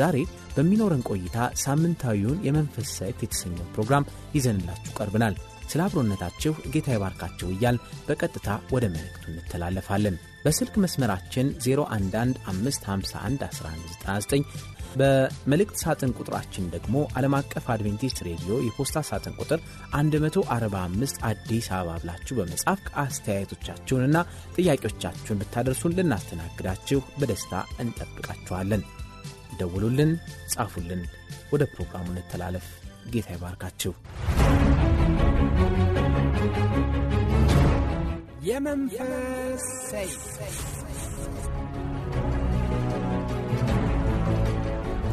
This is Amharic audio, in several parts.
ዛሬ በሚኖረን ቆይታ ሳምንታዊውን የመንፈስ ሳይት የተሰኘው ፕሮግራም ይዘንላችሁ ቀርብናል። ስለ አብሮነታችሁ ጌታ ይባርካችሁ እያል በቀጥታ ወደ መልእክቱ እንተላለፋለን። በስልክ መስመራችን 0115511199 በመልእክት ሳጥን ቁጥራችን ደግሞ ዓለም አቀፍ አድቬንቲስት ሬዲዮ የፖስታ ሳጥን ቁጥር 145 አዲስ አበባ ብላችሁ በመጻፍ አስተያየቶቻችሁንና ጥያቄዎቻችሁን ብታደርሱን ልናስተናግዳችሁ በደስታ እንጠብቃችኋለን። ደውሉልን፣ ጻፉልን። ወደ ፕሮግራሙ እንተላለፍ። ጌታ ይባርካችሁ። የመንፈስ ሰይፍ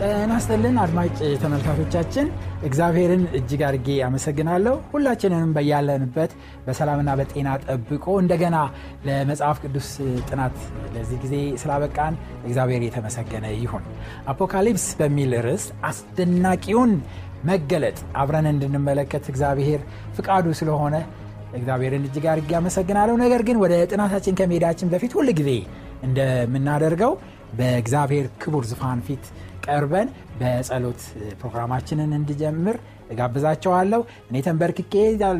ጤና አድማጭ ተመልካቾቻችን፣ እግዚአብሔርን እጅግ አድርጌ ያመሰግናለሁ ሁላችንንም በያለንበት በሰላምና በጤና ጠብቆ እንደገና ለመጽሐፍ ቅዱስ ጥናት ለዚህ ጊዜ ስላበቃን እግዚአብሔር የተመሰገነ ይሁን። አፖካሊፕስ በሚል ርዕስ አስደናቂውን መገለጥ አብረን እንድንመለከት እግዚአብሔር ፍቃዱ ስለሆነ እግዚአብሔርን እጅግ አድርጌ ያመሰግናለሁ ነገር ግን ወደ ጥናታችን ከመሄዳችን በፊት ሁል ጊዜ እንደምናደርገው በእግዚአብሔር ክቡር ዙፋን ፊት ቀርበን በጸሎት ፕሮግራማችንን እንድጀምር እጋብዛቸዋለሁ። እኔ ተንበርክቄ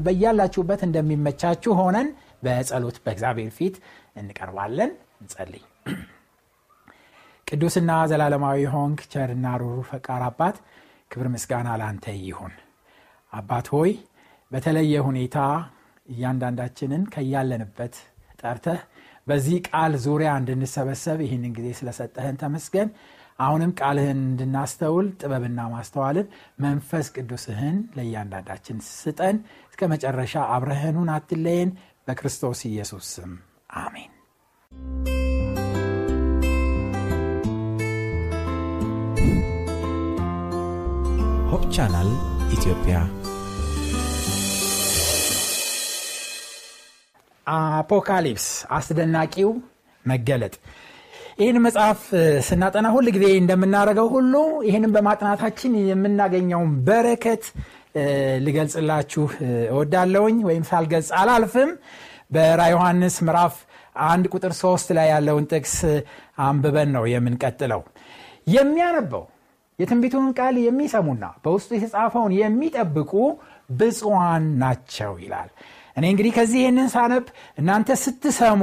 በያላችሁበት እንደሚመቻችሁ ሆነን በጸሎት በእግዚአብሔር ፊት እንቀርባለን። እንጸልይ። ቅዱስና ዘላለማዊ ሆንክ ቸርና ሩሩ ፈቃር አባት ክብር ምስጋና ላንተ ይሁን። አባት ሆይ በተለየ ሁኔታ እያንዳንዳችንን ከያለንበት ጠርተህ በዚህ ቃል ዙሪያ እንድንሰበሰብ ይህንን ጊዜ ስለሰጠህን ተመስገን። አሁንም ቃልህን እንድናስተውል ጥበብና ማስተዋልን መንፈስ ቅዱስህን ለእያንዳንዳችን ስጠን። እስከ መጨረሻ አብረህኑን አትለየን። በክርስቶስ ኢየሱስ ስም አሜን። ሆፕ ቻናል ኢትዮጵያ አፖካሊፕስ አስደናቂው መገለጥ ይህን መጽሐፍ ስናጠና ሁል ጊዜ እንደምናደርገው ሁሉ ይህንን በማጥናታችን የምናገኘውን በረከት ልገልጽላችሁ እወዳለውኝ ወይም ሳልገልጽ አላልፍም በራ ዮሐንስ ምዕራፍ አንድ ቁጥር ሶስት ላይ ያለውን ጥቅስ አንብበን ነው የምንቀጥለው የሚያነበው የትንቢቱን ቃል የሚሰሙና በውስጡ የተጻፈውን የሚጠብቁ ብፅዋን ናቸው ይላል እኔ እንግዲህ ከዚህ ይህንን ሳነብ እናንተ ስትሰሙ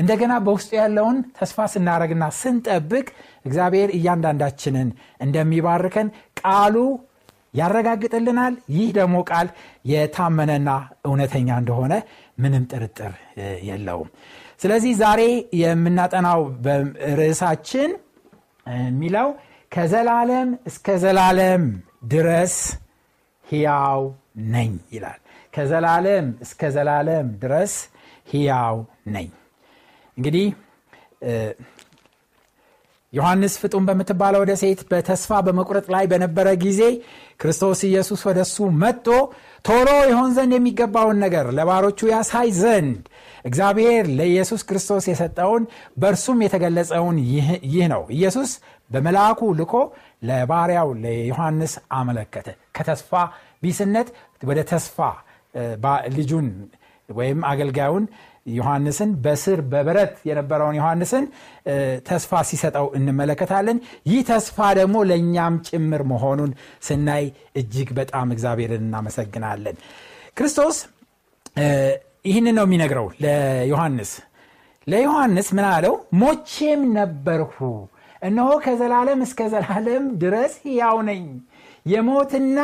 እንደገና በውስጡ ያለውን ተስፋ ስናደረግና ስንጠብቅ እግዚአብሔር እያንዳንዳችንን እንደሚባርከን ቃሉ ያረጋግጥልናል። ይህ ደግሞ ቃል የታመነና እውነተኛ እንደሆነ ምንም ጥርጥር የለውም። ስለዚህ ዛሬ የምናጠናው ርዕሳችን የሚለው ከዘላለም እስከ ዘላለም ድረስ ሕያው ነኝ ይላል። ከዘላለም እስከ ዘላለም ድረስ ሕያው ነኝ። እንግዲህ ዮሐንስ ፍጡም በምትባለው ደሴት በተስፋ በመቁረጥ ላይ በነበረ ጊዜ ክርስቶስ ኢየሱስ ወደ እሱ መጥቶ ቶሎ ይሆን ዘንድ የሚገባውን ነገር ለባሮቹ ያሳይ ዘንድ እግዚአብሔር ለኢየሱስ ክርስቶስ የሰጠውን በእርሱም የተገለጸውን ይህ ነው። ኢየሱስ በመልአኩ ልኮ ለባሪያው ለዮሐንስ አመለከተ። ከተስፋ ቢስነት ወደ ተስፋ ልጁን ወይም አገልጋዩን ዮሐንስን በስር በብረት የነበረውን ዮሐንስን ተስፋ ሲሰጠው እንመለከታለን። ይህ ተስፋ ደግሞ ለእኛም ጭምር መሆኑን ስናይ እጅግ በጣም እግዚአብሔርን እናመሰግናለን። ክርስቶስ ይህንን ነው የሚነግረው ለዮሐንስ ለዮሐንስ ምን አለው? ሞቼም ነበርሁ፣ እነሆ ከዘላለም እስከ ዘላለም ድረስ ያው ነኝ የሞትና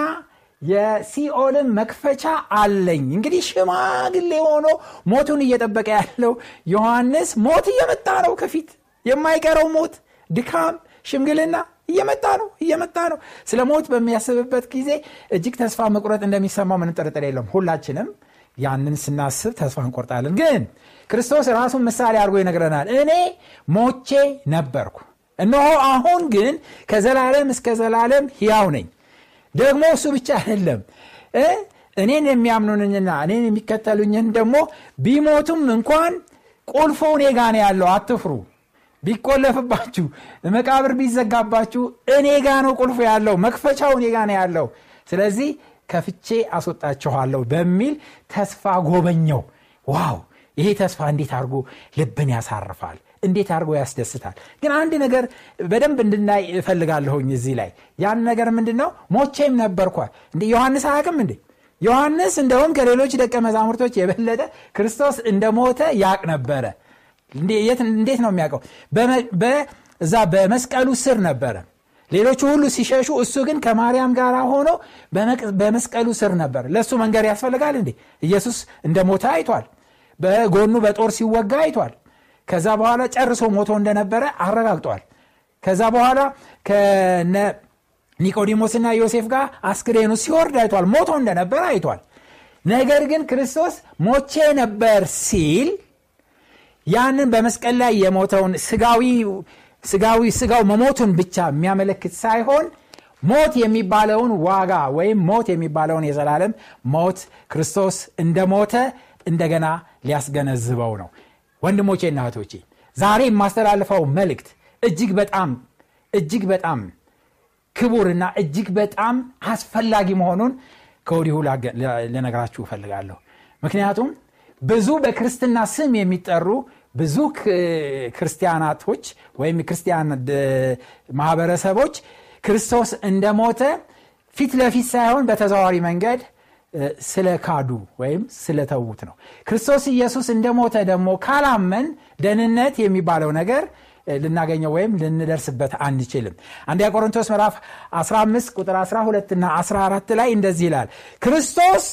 የሲኦልን መክፈቻ አለኝ። እንግዲህ ሽማግሌ ሆኖ ሞቱን እየጠበቀ ያለው ዮሐንስ ሞት እየመጣ ነው። ከፊት የማይቀረው ሞት፣ ድካም፣ ሽምግልና እየመጣ ነው እየመጣ ነው። ስለ ሞት በሚያስብበት ጊዜ እጅግ ተስፋ መቁረጥ እንደሚሰማው ምንም ጥርጥር የለም። ሁላችንም ያንን ስናስብ ተስፋ እንቆርጣለን። ግን ክርስቶስ ራሱን ምሳሌ አድርጎ ይነግረናል። እኔ ሞቼ ነበርኩ፣ እነሆ አሁን ግን ከዘላለም እስከ ዘላለም ሕያው ነኝ ደግሞ እሱ ብቻ አይደለም እኔን የሚያምኑንኝና እኔን የሚከተሉኝን ደግሞ ቢሞቱም እንኳን ቁልፎ እኔ ጋ ያለው አትፍሩ ቢቆለፍባችሁ መቃብር ቢዘጋባችሁ እኔ ጋ ነው ቁልፎ ያለው መክፈቻው እኔ ጋ ነው ያለው ስለዚህ ከፍቼ አስወጣችኋለሁ በሚል ተስፋ ጎበኘው ዋው ይሄ ተስፋ እንዴት አድርጎ ልብን ያሳርፋል እንዴት አድርጎ ያስደስታል። ግን አንድ ነገር በደንብ እንድናይ እፈልጋለሁኝ እዚህ ላይ ያን ነገር ምንድን ነው? ሞቼም ነበርኳል እንደ ዮሐንስ አያቅም እንዴ? ዮሐንስ እንደውም ከሌሎች ደቀ መዛሙርቶች የበለጠ ክርስቶስ እንደሞተ ያቅ ነበረ። እንዴት ነው የሚያውቀው? እዛ በመስቀሉ ስር ነበረ። ሌሎቹ ሁሉ ሲሸሹ፣ እሱ ግን ከማርያም ጋር ሆኖ በመስቀሉ ስር ነበር። ለእሱ መንገድ ያስፈልጋል እንዴ? ኢየሱስ እንደሞተ አይቷል። በጎኑ በጦር ሲወጋ አይቷል። ከዛ በኋላ ጨርሶ ሞቶ እንደነበረ አረጋግጧል። ከዛ በኋላ ከነ ኒቆዲሞስና ዮሴፍ ጋር አስክሬኑ ሲወርድ አይቷል። ሞቶ እንደነበረ አይቷል። ነገር ግን ክርስቶስ ሞቼ ነበር ሲል ያንን በመስቀል ላይ የሞተውን ስጋዊ ስጋዊ ስጋው መሞቱን ብቻ የሚያመለክት ሳይሆን ሞት የሚባለውን ዋጋ ወይም ሞት የሚባለውን የዘላለም ሞት ክርስቶስ እንደሞተ እንደገና ሊያስገነዝበው ነው። ወንድሞቼና እህቶቼ ዛሬ የማስተላልፈው መልእክት እጅግ በጣም እጅግ በጣም ክቡርና እጅግ በጣም አስፈላጊ መሆኑን ከወዲሁ ልነግራችሁ እፈልጋለሁ ምክንያቱም ብዙ በክርስትና ስም የሚጠሩ ብዙ ክርስቲያናቶች ወይም ክርስቲያን ማህበረሰቦች ክርስቶስ እንደሞተ ፊት ለፊት ሳይሆን በተዘዋሪ መንገድ ስለ ካዱ ወይም ስለተዉት ነው ክርስቶስ ኢየሱስ እንደሞተ ደግሞ ካላመን ደህንነት የሚባለው ነገር ልናገኘው ወይም ልንደርስበት አንችልም አንዲያ ቆሮንቶስ ምዕራፍ 15 ቁጥር 12 እና 14 ላይ እንደዚህ ይላል ክርስቶስ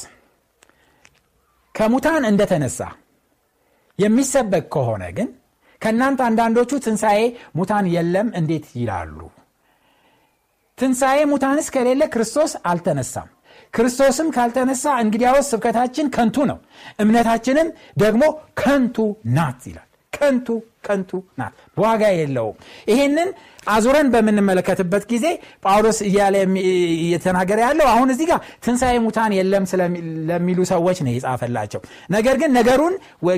ከሙታን እንደተነሳ የሚሰበክ ከሆነ ግን ከእናንተ አንዳንዶቹ ትንሣኤ ሙታን የለም እንዴት ይላሉ ትንሣኤ ሙታንስ ከሌለ ክርስቶስ አልተነሳም ክርስቶስም ካልተነሳ እንግዲያውስ ስብከታችን ከንቱ ነው፣ እምነታችንም ደግሞ ከንቱ ናት ይላል። ከንቱ ከንቱ ናት፣ በዋጋ የለውም። ይህንን አዙረን በምንመለከትበት ጊዜ ጳውሎስ እያለ እየተናገረ ያለው አሁን እዚህ ጋር ትንሣኤ ሙታን የለም ለሚሉ ሰዎች ነው የጻፈላቸው። ነገር ግን ነገሩን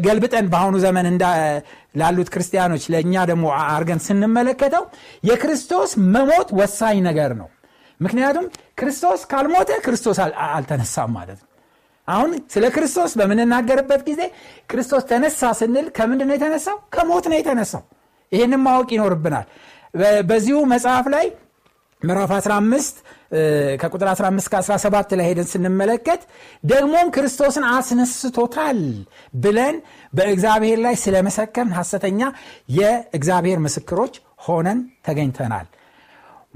ገልብጠን በአሁኑ ዘመን ላሉት ክርስቲያኖች ለእኛ ደግሞ አርገን ስንመለከተው የክርስቶስ መሞት ወሳኝ ነገር ነው። ምክንያቱም ክርስቶስ ካልሞተ ክርስቶስ አልተነሳም ማለት ነው አሁን ስለ ክርስቶስ በምንናገርበት ጊዜ ክርስቶስ ተነሳ ስንል ከምንድ ነው የተነሳው ከሞት ነው የተነሳው ይህን ማወቅ ይኖርብናል በዚሁ መጽሐፍ ላይ ምዕራፍ 15 ከቁጥር 15 17 ላይ ሄደን ስንመለከት ደግሞም ክርስቶስን አስነስቶታል ብለን በእግዚአብሔር ላይ ስለመሰከርን ሐሰተኛ የእግዚአብሔር ምስክሮች ሆነን ተገኝተናል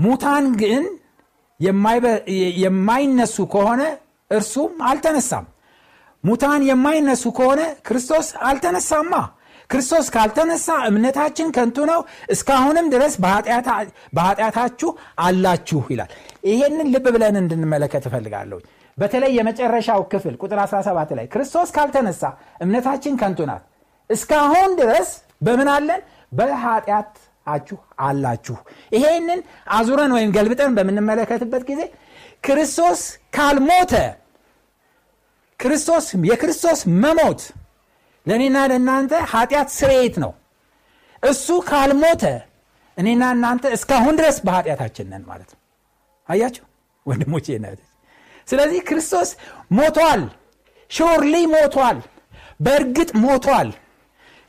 ሙታን ግን የማይነሱ ከሆነ እርሱም አልተነሳም። ሙታን የማይነሱ ከሆነ ክርስቶስ አልተነሳማ። ክርስቶስ ካልተነሳ እምነታችን ከንቱ ነው፣ እስካሁንም ድረስ በኃጢአታችሁ አላችሁ ይላል። ይሄንን ልብ ብለን እንድንመለከት እፈልጋለሁ። በተለይ የመጨረሻው ክፍል ቁጥር 17 ላይ ክርስቶስ ካልተነሳ እምነታችን ከንቱ ናት፣ እስካሁን ድረስ በምን አለን? በኃጢአት አችሁ አላችሁ። ይሄንን አዙረን ወይም ገልብጠን በምንመለከትበት ጊዜ ክርስቶስ ካልሞተ ክርስቶስ የክርስቶስ መሞት ለእኔና ለእናንተ ኃጢአት ስርየት ነው። እሱ ካልሞተ እኔና እናንተ እስካሁን ድረስ በኃጢአታችን ነን ማለት ነው። አያችሁ ወንድሞቼ፣ ስለዚህ ክርስቶስ ሞቷል፣ ሾርሊ ሞቷል፣ በእርግጥ ሞቷል።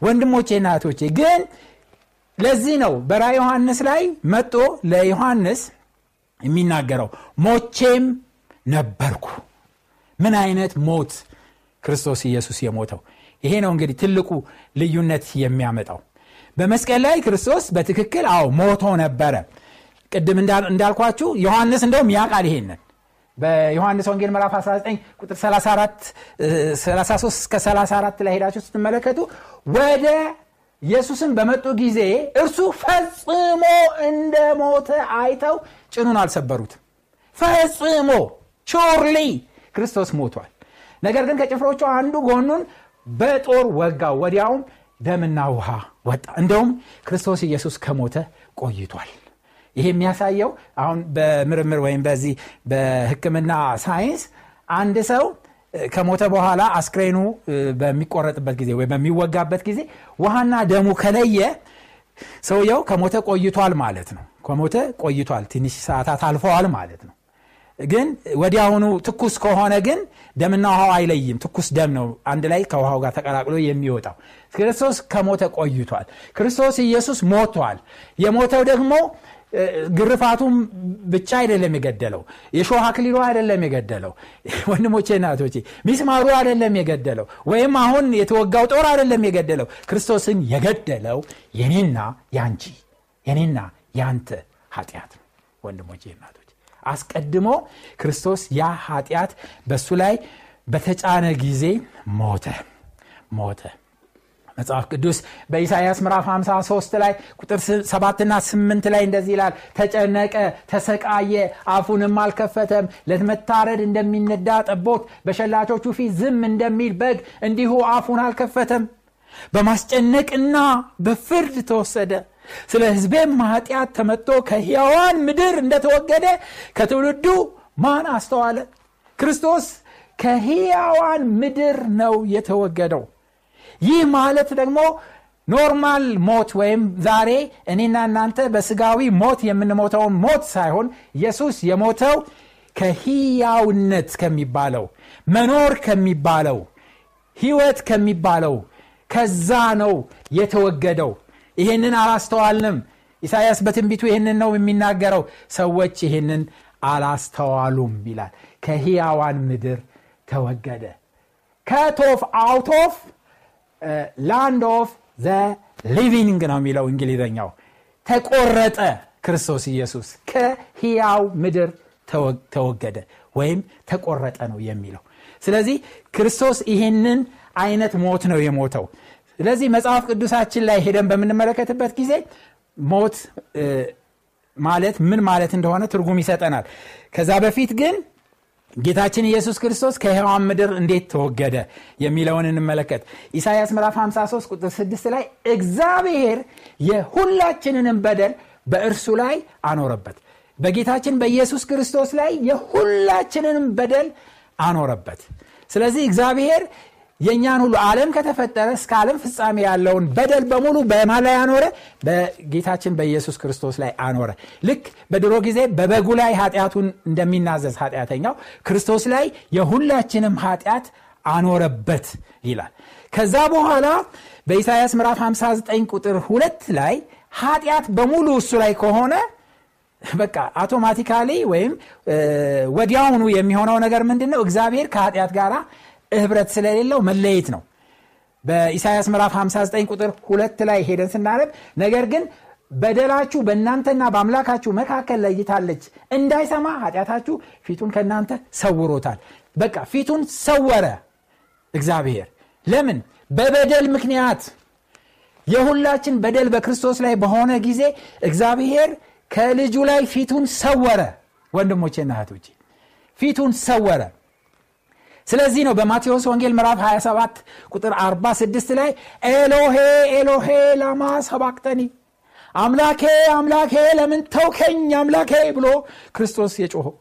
ወንድሞቼ ና ግን ለዚህ ነው በራ ዮሐንስ ላይ መጦ ለዮሐንስ የሚናገረው ሞቼም ነበርኩ ምን አይነት ሞት ክርስቶስ ኢየሱስ የሞተው ይሄ ነው እንግዲህ ትልቁ ልዩነት የሚያመጣው በመስቀል ላይ ክርስቶስ በትክክል አዎ ሞቶ ነበረ ቅድም እንዳልኳችሁ ዮሐንስ እንደውም ያውቃል ይሄንን በዮሐንስ ወንጌል መራፍ 19 ቁጥር 33 እስከ 34 ላይ ሄዳችሁ ስትመለከቱ ወደ ኢየሱስን በመጡ ጊዜ እርሱ ፈጽሞ እንደ ሞተ አይተው ጭኑን አልሰበሩት ፈጽሞ ሹርሊ ክርስቶስ ሞቷል። ነገር ግን ከጭፍሮቹ አንዱ ጎኑን በጦር ወጋ ወዲያውም ደምና ውሃ ወጣ። እንደውም ክርስቶስ ኢየሱስ ከሞተ ቆይቷል። ይሄ የሚያሳየው አሁን በምርምር ወይም በዚህ በህክምና ሳይንስ አንድ ሰው ከሞተ በኋላ አስክሬኑ በሚቆረጥበት ጊዜ ወይ በሚወጋበት ጊዜ ውሃና ደሙ ከለየ ሰውየው ከሞተ ቆይቷል ማለት ነው። ከሞተ ቆይቷል፣ ትንሽ ሰዓታት አልፈዋል ማለት ነው። ግን ወዲያውኑ ትኩስ ከሆነ ግን ደምና ውሃው አይለይም። ትኩስ ደም ነው አንድ ላይ ከውሃው ጋር ተቀላቅሎ የሚወጣው። ክርስቶስ ከሞተ ቆይቷል። ክርስቶስ ኢየሱስ ሞቷል። የሞተው ደግሞ ግርፋቱም ብቻ አይደለም የገደለው፣ የሾህ አክሊሉ አይደለም የገደለው፣ ወንድሞቼ ናቶቼ ሚስማሩ አይደለም የገደለው፣ ወይም አሁን የተወጋው ጦር አይደለም የገደለው። ክርስቶስን የገደለው የኔና ያንቺ የኔና ያንተ ኃጢአት ነው። ወንድሞቼ ናቶች አስቀድሞ ክርስቶስ ያ ኃጢአት በእሱ ላይ በተጫነ ጊዜ ሞተ ሞተ መጽሐፍ ቅዱስ በኢሳያስ ምዕራፍ 53 ላይ ቁጥር 7 ና 8 ላይ እንደዚህ ይላል ተጨነቀ ተሰቃየ አፉንም አልከፈተም ለመታረድ እንደሚነዳ ጠቦት በሸላቾቹ ፊት ዝም እንደሚል በግ እንዲሁ አፉን አልከፈተም በማስጨነቅና በፍርድ ተወሰደ ስለ ህዝቤም ማጢአት ተመጥቶ ከሕያዋን ምድር እንደተወገደ ከትውልዱ ማን አስተዋለ ክርስቶስ ከሕያዋን ምድር ነው የተወገደው ይህ ማለት ደግሞ ኖርማል ሞት ወይም ዛሬ እኔና እናንተ በስጋዊ ሞት የምንሞተውን ሞት ሳይሆን ኢየሱስ የሞተው ከህያውነት ከሚባለው መኖር ከሚባለው ህይወት ከሚባለው ከዛ ነው የተወገደው ይህንን አላስተዋልንም ኢሳያስ በትንቢቱ ይህንን ነው የሚናገረው ሰዎች ይህንን አላስተዋሉም ይላል ከህያዋን ምድር ተወገደ ከቶፍ አውቶፍ ላንድ ኦፍ ዘ ሊቪንግ ነው የሚለው እንግሊዘኛው ተቆረጠ ክርስቶስ ኢየሱስ ከህያው ምድር ተወገደ ወይም ተቆረጠ ነው የሚለው ስለዚህ ክርስቶስ ይህንን አይነት ሞት ነው የሞተው ስለዚህ መጽሐፍ ቅዱሳችን ላይ ሄደን በምንመለከትበት ጊዜ ሞት ማለት ምን ማለት እንደሆነ ትርጉም ይሰጠናል ከዛ በፊት ግን ጌታችን ኢየሱስ ክርስቶስ ከሔዋን ምድር እንዴት ተወገደ የሚለውን እንመለከት። ኢሳይያስ ምዕራፍ 53 ቁጥር 6 ላይ እግዚአብሔር የሁላችንንም በደል በእርሱ ላይ አኖረበት፣ በጌታችን በኢየሱስ ክርስቶስ ላይ የሁላችንንም በደል አኖረበት። ስለዚህ እግዚአብሔር የእኛን ሁሉ ዓለም ከተፈጠረ እስከ ዓለም ፍጻሜ ያለውን በደል በሙሉ በማ ላይ አኖረ? በጌታችን በኢየሱስ ክርስቶስ ላይ አኖረ። ልክ በድሮ ጊዜ በበጉ ላይ ኃጢአቱን እንደሚናዘዝ ኃጢአተኛው ክርስቶስ ላይ የሁላችንም ኃጢአት አኖረበት ይላል። ከዛ በኋላ በኢሳይያስ ምዕራፍ 59 ቁጥር ሁለት ላይ ኃጢአት በሙሉ እሱ ላይ ከሆነ በቃ አውቶማቲካሊ ወይም ወዲያውኑ የሚሆነው ነገር ምንድን ነው? እግዚአብሔር ከኃጢአት ጋር ህብረት ስለሌለው መለየት ነው። በኢሳያስ ምዕራፍ 59 ቁጥር ሁለት ላይ ሄደን ስናረብ ነገር ግን በደላችሁ በእናንተና በአምላካችሁ መካከል ለይታለች፣ እንዳይሰማ ኃጢአታችሁ ፊቱን ከእናንተ ሰውሮታል። በቃ ፊቱን ሰወረ እግዚአብሔር። ለምን? በበደል ምክንያት የሁላችን በደል በክርስቶስ ላይ በሆነ ጊዜ እግዚአብሔር ከልጁ ላይ ፊቱን ሰወረ። ወንድሞቼና እህቶቼ ፊቱን ሰወረ። ስለዚህ ነው በማቴዎስ ወንጌል ምዕራፍ 27 ቁጥር 46 ላይ ኤሎሄ ኤሎሄ ላማ ሰባቅጠኒ አምላኬ አምላኬ ለምን ተውከኝ አምላኬ ብሎ ክርስቶስ የጮኸው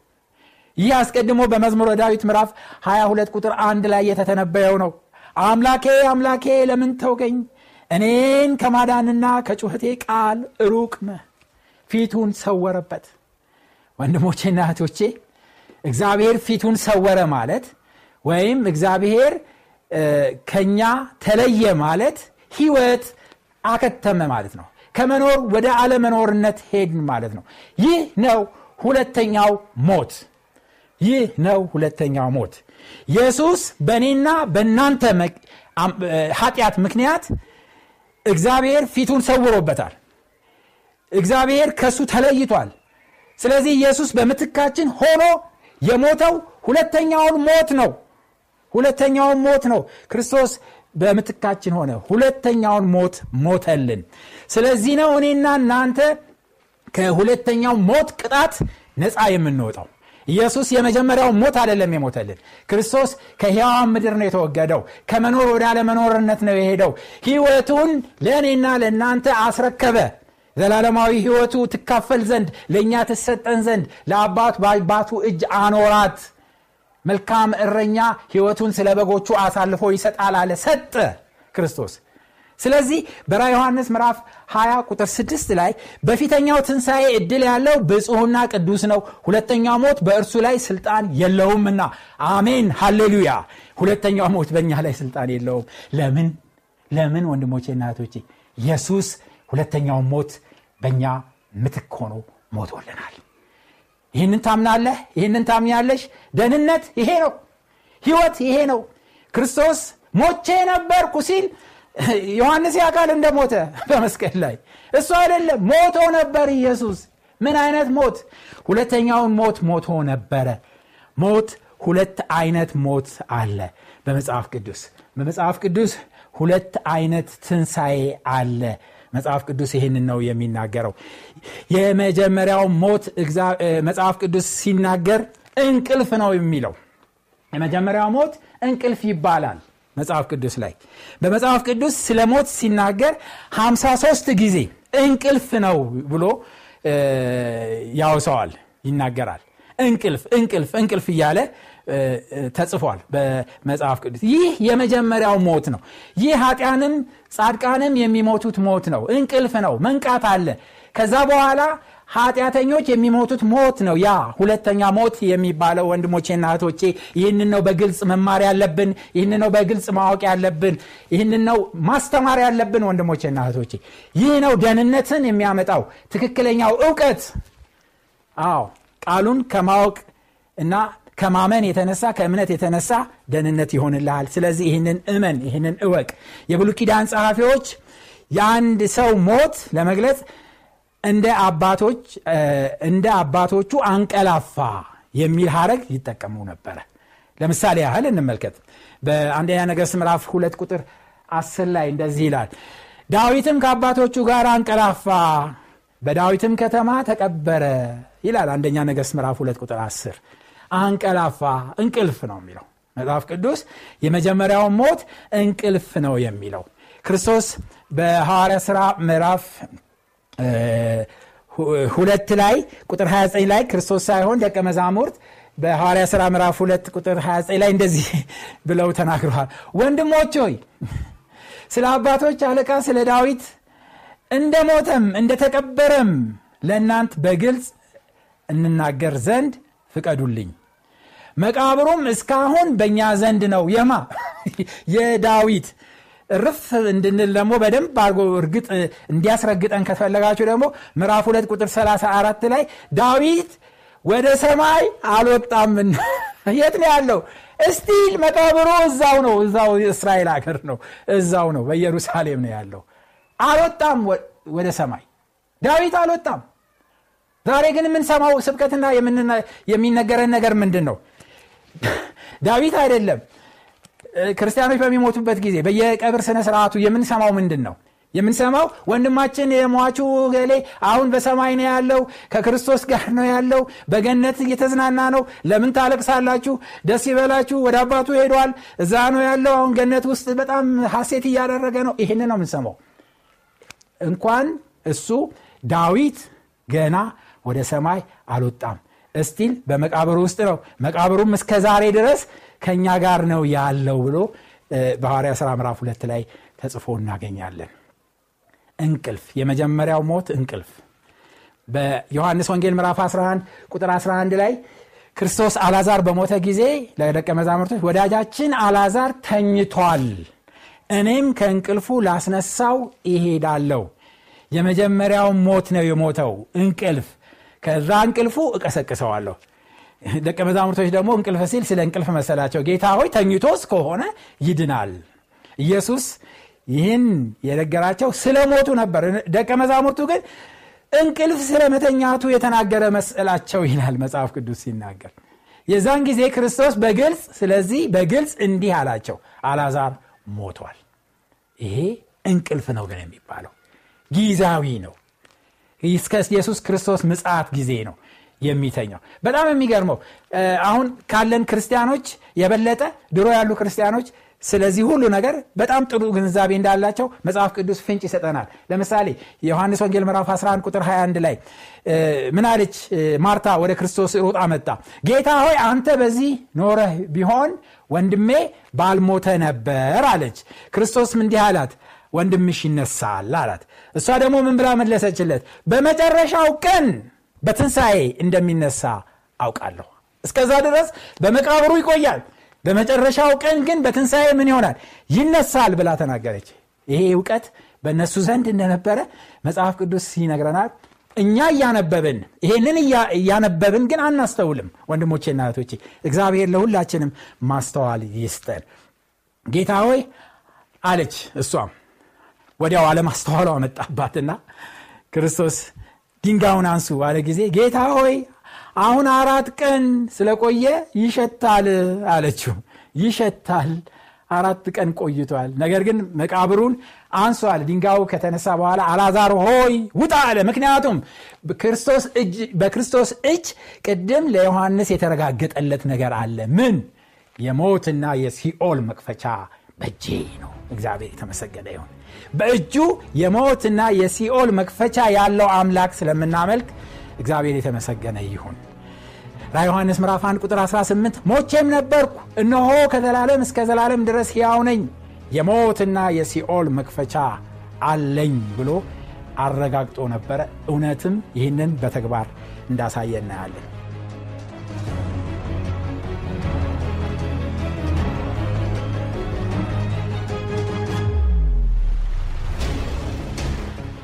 ይህ አስቀድሞ በመዝሙረ ዳዊት ምዕራፍ 22 ቁጥር 1 ላይ የተተነበየው ነው አምላኬ አምላኬ ለምን ተውከኝ እኔን ከማዳንና ከጩኸቴ ቃል ሩቅ ፊቱን ሰወረበት ወንድሞቼና እህቶቼ እግዚአብሔር ፊቱን ሰወረ ማለት ወይም እግዚአብሔር ከኛ ተለየ ማለት ህይወት አከተመ ማለት ነው ከመኖር ወደ አለመኖርነት ሄድን ማለት ነው ይህ ነው ሁለተኛው ሞት ይህ ነው ሁለተኛው ሞት ኢየሱስ በእኔና በእናንተ ኃጢአት ምክንያት እግዚአብሔር ፊቱን ሰውሮበታል እግዚአብሔር ከእሱ ተለይቷል ስለዚህ ኢየሱስ በምትካችን ሆኖ የሞተው ሁለተኛውን ሞት ነው ሁለተኛውን ሞት ነው ክርስቶስ በምትካችን ሆነ ሁለተኛውን ሞት ሞተልን ስለዚህ ነው እኔና እናንተ ከሁለተኛው ሞት ቅጣት ነፃ የምንወጣው ኢየሱስ የመጀመሪያው ሞት አይደለም የሞተልን ክርስቶስ ከሕያዋን ምድር ነው የተወገደው ከመኖር ወደ አለመኖርነት ነው የሄደው ህይወቱን ለእኔና ለእናንተ አስረከበ ዘላለማዊ ህይወቱ ትካፈል ዘንድ ለእኛ ትሰጠን ዘንድ ለአባቱ በአባቱ እጅ አኖራት መልካም እረኛ ህይወቱን ስለ በጎቹ አሳልፎ ይሰጣል አለ ሰጠ ክርስቶስ ስለዚህ በራ ዮሐንስ ምዕራፍ 20 ቁጥር 6 ላይ በፊተኛው ትንሣኤ እድል ያለው ብፁዕና ቅዱስ ነው ሁለተኛው ሞት በእርሱ ላይ ስልጣን የለውምና አሜን ሃሌሉያ ሁለተኛው ሞት በእኛ ላይ ስልጣን የለውም ለምን ለምን ወንድሞቼ እናቶቼ ኢየሱስ ሁለተኛው ሞት በእኛ ምትክ ሆኖ ሞቶልናል ይህንን ታምናለህ ይህንን ታምኛለሽ ደህንነት ይሄ ነው ህይወት ይሄ ነው ክርስቶስ ሞቼ ነበርኩ ሲል ዮሐንስ አካል እንደሞተ በመስቀል ላይ እሱ አይደለም ሞቶ ነበር ኢየሱስ ምን አይነት ሞት ሁለተኛውን ሞት ሞቶ ነበረ ሞት ሁለት አይነት ሞት አለ በመጽሐፍ ቅዱስ በመጽሐፍ ቅዱስ ሁለት አይነት ትንሣኤ አለ መጽሐፍ ቅዱስ ይህንን ነው የሚናገረው። የመጀመሪያው ሞት መጽሐፍ ቅዱስ ሲናገር እንቅልፍ ነው የሚለው። የመጀመሪያው ሞት እንቅልፍ ይባላል መጽሐፍ ቅዱስ ላይ። በመጽሐፍ ቅዱስ ስለ ሞት ሲናገር 53 ጊዜ እንቅልፍ ነው ብሎ ያውሰዋል፣ ይናገራል። እንቅልፍ እንቅልፍ እንቅልፍ እያለ ተጽፏል በመጽሐፍ ቅዱስ። ይህ የመጀመሪያው ሞት ነው። ይህ ኃጢያንም ጻድቃንም የሚሞቱት ሞት ነው። እንቅልፍ ነው። መንቃት አለ። ከዛ በኋላ ኃጢአተኞች የሚሞቱት ሞት ነው። ያ ሁለተኛ ሞት የሚባለው ወንድሞቼና እህቶቼ፣ ይህን ነው በግልጽ መማር ያለብን። ይህን ነው በግልጽ ማወቅ ያለብን። ይህን ነው ማስተማር ያለብን ወንድሞቼና እህቶቼ። ይህ ነው ደህንነትን የሚያመጣው ትክክለኛው እውቀት። አዎ ቃሉን ከማወቅ እና ከማመን የተነሳ ከእምነት የተነሳ ደህንነት ይሆንልሃል ስለዚህ ይህንን እመን ይህንን እወቅ የብሉ ኪዳን ጸሐፊዎች የአንድ ሰው ሞት ለመግለጽ እንደ አባቶች እንደ አባቶቹ አንቀላፋ የሚል ሀረግ ይጠቀሙ ነበረ ለምሳሌ ያህል እንመልከት በአንደኛ ነገስ ምዕራፍ ሁለት ቁጥር አስር ላይ እንደዚህ ይላል ዳዊትም ከአባቶቹ ጋር አንቀላፋ በዳዊትም ከተማ ተቀበረ ይላል አንደኛ ነገስ ምዕራፍ ሁለት ቁጥር አስር አንቀላፋ እንቅልፍ ነው የሚለው መጽሐፍ ቅዱስ የመጀመሪያውን ሞት እንቅልፍ ነው የሚለው ክርስቶስ በሐዋርያ ሥራ ምዕራፍ ሁለት ላይ ቁጥር 29 ላይ ክርስቶስ ሳይሆን ደቀ መዛሙርት በሐዋርያ ሥራ ምዕራፍ ሁለት ቁጥር 29 ላይ እንደዚህ ብለው ተናግረዋል ወንድሞች ሆይ ስለ አባቶች አለቃ ስለ ዳዊት እንደ ሞተም እንደ ተቀበረም ለእናንት በግልጽ እንናገር ዘንድ ፍቀዱልኝ መቃብሩም እስካሁን በእኛ ዘንድ ነው የማ የዳዊት እርፍ እንድንል ደግሞ በደንብ አድርጎ እርግጥ እንዲያስረግጠን ከፈለጋችሁ ደግሞ ምዕራፍ ሁለት ቁጥር 34 ላይ ዳዊት ወደ ሰማይ አልወጣምና የት ነው ያለው እስቲል መቃብሩ እዛው ነው እዛው እስራኤል ሀገር ነው እዛው ነው በኢየሩሳሌም ነው ያለው አልወጣም ወደ ሰማይ ዳዊት አልወጣም ዛሬ ግን የምንሰማው ስብከትና የሚነገረን ነገር ምንድን ነው ዳዊት አይደለም። ክርስቲያኖች በሚሞቱበት ጊዜ በየቀብር ስነ ስርዓቱ የምንሰማው ምንድን ነው? የምንሰማው ወንድማችን የሟቹ ገሌ አሁን በሰማይ ነው ያለው፣ ከክርስቶስ ጋር ነው ያለው፣ በገነት እየተዝናና ነው። ለምን ታለቅሳላችሁ? ደስ ይበላችሁ፣ ወደ አባቱ ሄዷል፣ እዛ ነው ያለው፣ አሁን ገነት ውስጥ በጣም ሀሴት እያደረገ ነው። ይህን ነው የምንሰማው። እንኳን እሱ ዳዊት ገና ወደ ሰማይ አልወጣም እስቲል በመቃብሩ ውስጥ ነው መቃብሩም እስከ ዛሬ ድረስ ከእኛ ጋር ነው ያለው ብሎ በሐዋርያ ሥራ ምዕራፍ ሁለት ላይ ተጽፎ እናገኛለን እንቅልፍ የመጀመሪያው ሞት እንቅልፍ በዮሐንስ ወንጌል ምዕራፍ 11 ቁጥር 11 ላይ ክርስቶስ አላዛር በሞተ ጊዜ ለደቀ መዛምርቶች ወዳጃችን አላዛር ተኝቷል እኔም ከእንቅልፉ ላስነሳው ይሄዳለው የመጀመሪያው ሞት ነው የሞተው እንቅልፍ ከዛ እንቅልፉ እቀሰቅሰዋለሁ ደቀ መዛሙርቶች ደግሞ እንቅልፍ ሲል ስለ እንቅልፍ መሰላቸው ጌታ ሆይ ተኝቶስ ከሆነ ይድናል ኢየሱስ ይህን የነገራቸው ስለ ሞቱ ነበር ደቀ መዛሙርቱ ግን እንቅልፍ ስለ መተኛቱ የተናገረ መሰላቸው ይላል መጽሐፍ ቅዱስ ሲናገር የዛን ጊዜ ክርስቶስ በግልጽ ስለዚህ በግልጽ እንዲህ አላቸው አላዛር ሞቷል ይሄ እንቅልፍ ነው ግን የሚባለው ጊዛዊ ነው እስከ ኢየሱስ ክርስቶስ ምጽት ጊዜ ነው የሚተኛው በጣም የሚገርመው አሁን ካለን ክርስቲያኖች የበለጠ ድሮ ያሉ ክርስቲያኖች ስለዚህ ሁሉ ነገር በጣም ጥሩ ግንዛቤ እንዳላቸው መጽሐፍ ቅዱስ ፍንጭ ይሰጠናል ለምሳሌ ዮሐንስ ወንጌል ምዕራፍ 11 ቁጥር 21 ላይ ምን አለች ማርታ ወደ ክርስቶስ ሮጣ መጣ ጌታ ሆይ አንተ በዚህ ኖረህ ቢሆን ወንድሜ ባልሞተ ነበር አለች ክርስቶስም እንዲህ አላት ወንድምሽ ይነሳል አላት። እሷ ደግሞ ምን ብላ መለሰችለት? በመጨረሻው ቀን በትንሣኤ እንደሚነሳ አውቃለሁ። እስከዛ ድረስ በመቃብሩ ይቆያል፣ በመጨረሻው ቀን ግን በትንሣኤ ምን ይሆናል? ይነሳል ብላ ተናገረች። ይሄ እውቀት በእነሱ ዘንድ እንደነበረ መጽሐፍ ቅዱስ ይነግረናል። እኛ እያነበብን ይሄንን እያነበብን ግን አናስተውልም። ና እህቶቼ እግዚአብሔር ለሁላችንም ማስተዋል ይስጠን። ጌታ ሆይ አለች እሷም ወዲያው አለማስተዋሏ አመጣባትና ክርስቶስ ድንጋዩን አንሱ ባለ ጊዜ ጌታ ሆይ አሁን አራት ቀን ስለቆየ ይሸታል አለችው ይሸታል አራት ቀን ቆይቷል ነገር ግን መቃብሩን አንሷል ድንጋዩ ከተነሳ በኋላ አላዛር ሆይ ውጣ አለ ምክንያቱም በክርስቶስ እጅ ቅድም ለዮሐንስ የተረጋገጠለት ነገር አለ ምን የሞትና የሲኦል መክፈቻ በጄ ነው እግዚአብሔር የተመሰገደ ይሆን በእጁ የሞትና የሲኦል መክፈቻ ያለው አምላክ ስለምናመልክ እግዚአብሔር የተመሰገነ ይሁን። ራ ዮሐንስ ምራፍ 1 ቁጥር 18 ሞቼም ነበርኩ፣ እነሆ ከዘላለም እስከ ዘላለም ድረስ ሕያው ነኝ፣ የሞትና የሲኦል መክፈቻ አለኝ ብሎ አረጋግጦ ነበረ። እውነትም ይህንን በተግባር እንዳሳየ እናያለን።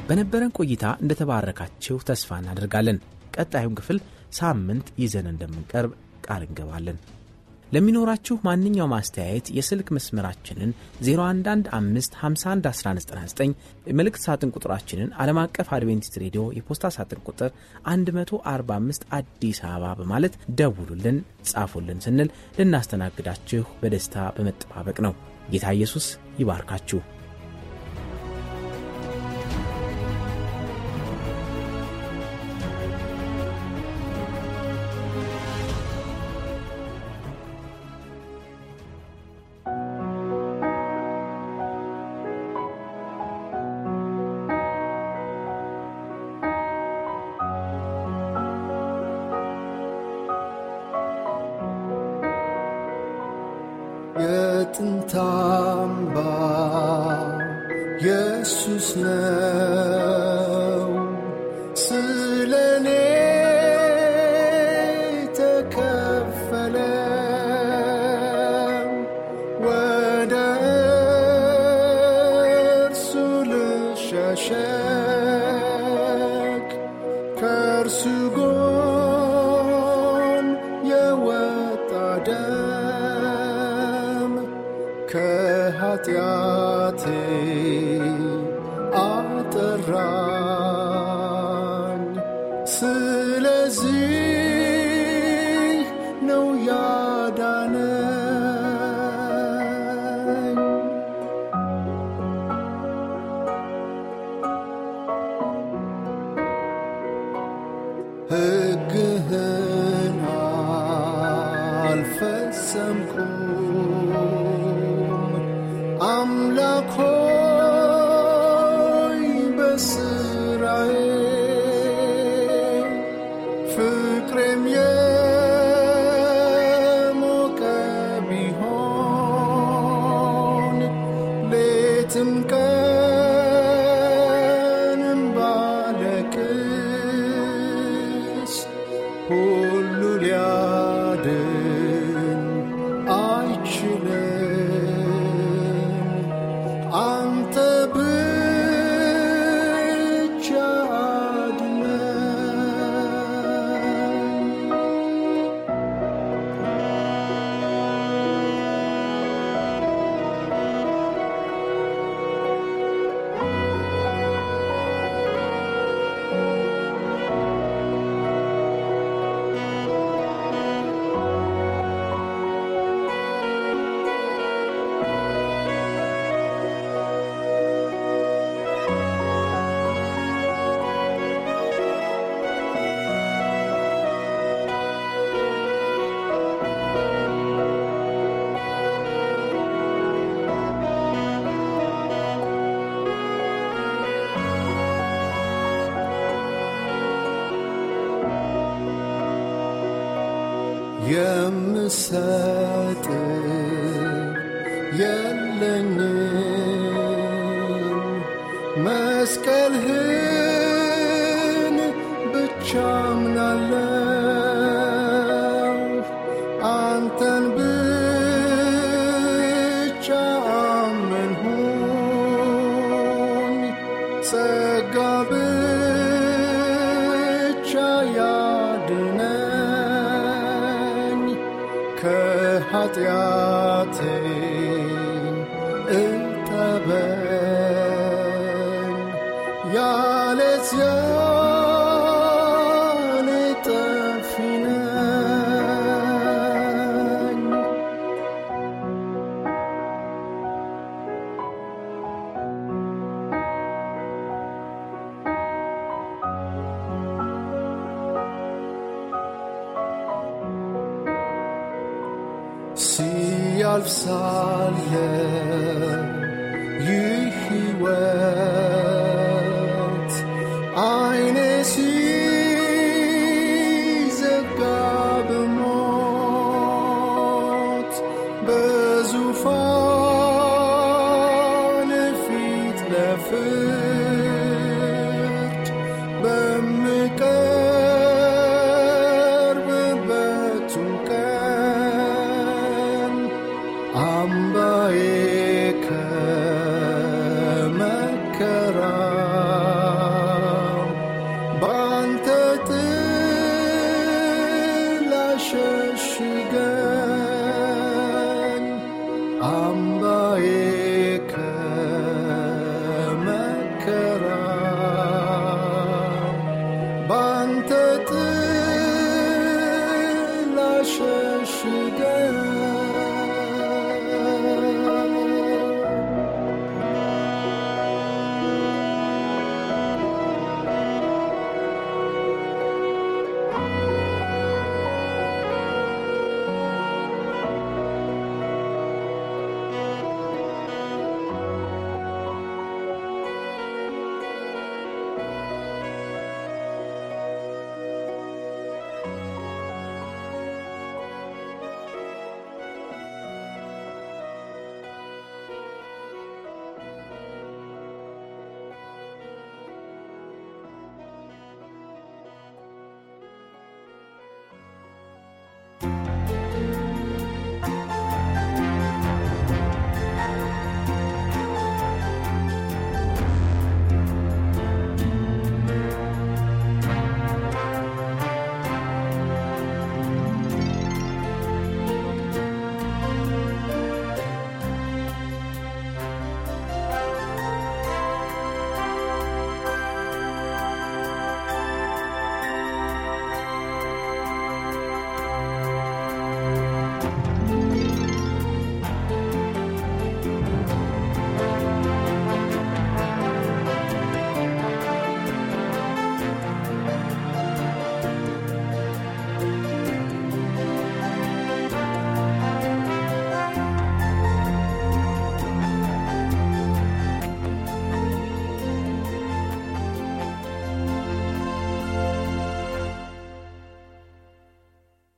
በነበረን ቆይታ እንደተባረካችሁ ተስፋ እናደርጋለን። ቀጣዩን ክፍል ሳምንት ይዘን እንደምንቀርብ ቃል እንገባለን። ለሚኖራችሁ ማንኛውም አስተያየት የስልክ መስመራችንን 0115511199 መልእክት ሳጥን ቁጥራችንን ዓለም አቀፍ አድቬንቲስት ሬዲዮ የፖስታ ሳጥን ቁጥር 145 አዲስ አበባ በማለት ደውሉልን፣ ጻፉልን ስንል ልናስተናግዳችሁ በደስታ በመጠባበቅ ነው። ጌታ ኢየሱስ ይባርካችሁ። tentamba, Jesus name. ብሰጥ የለኝም መስቀልህን ብቻ ምናለ Si al salje, ji hiwe. 的的拉舍是根。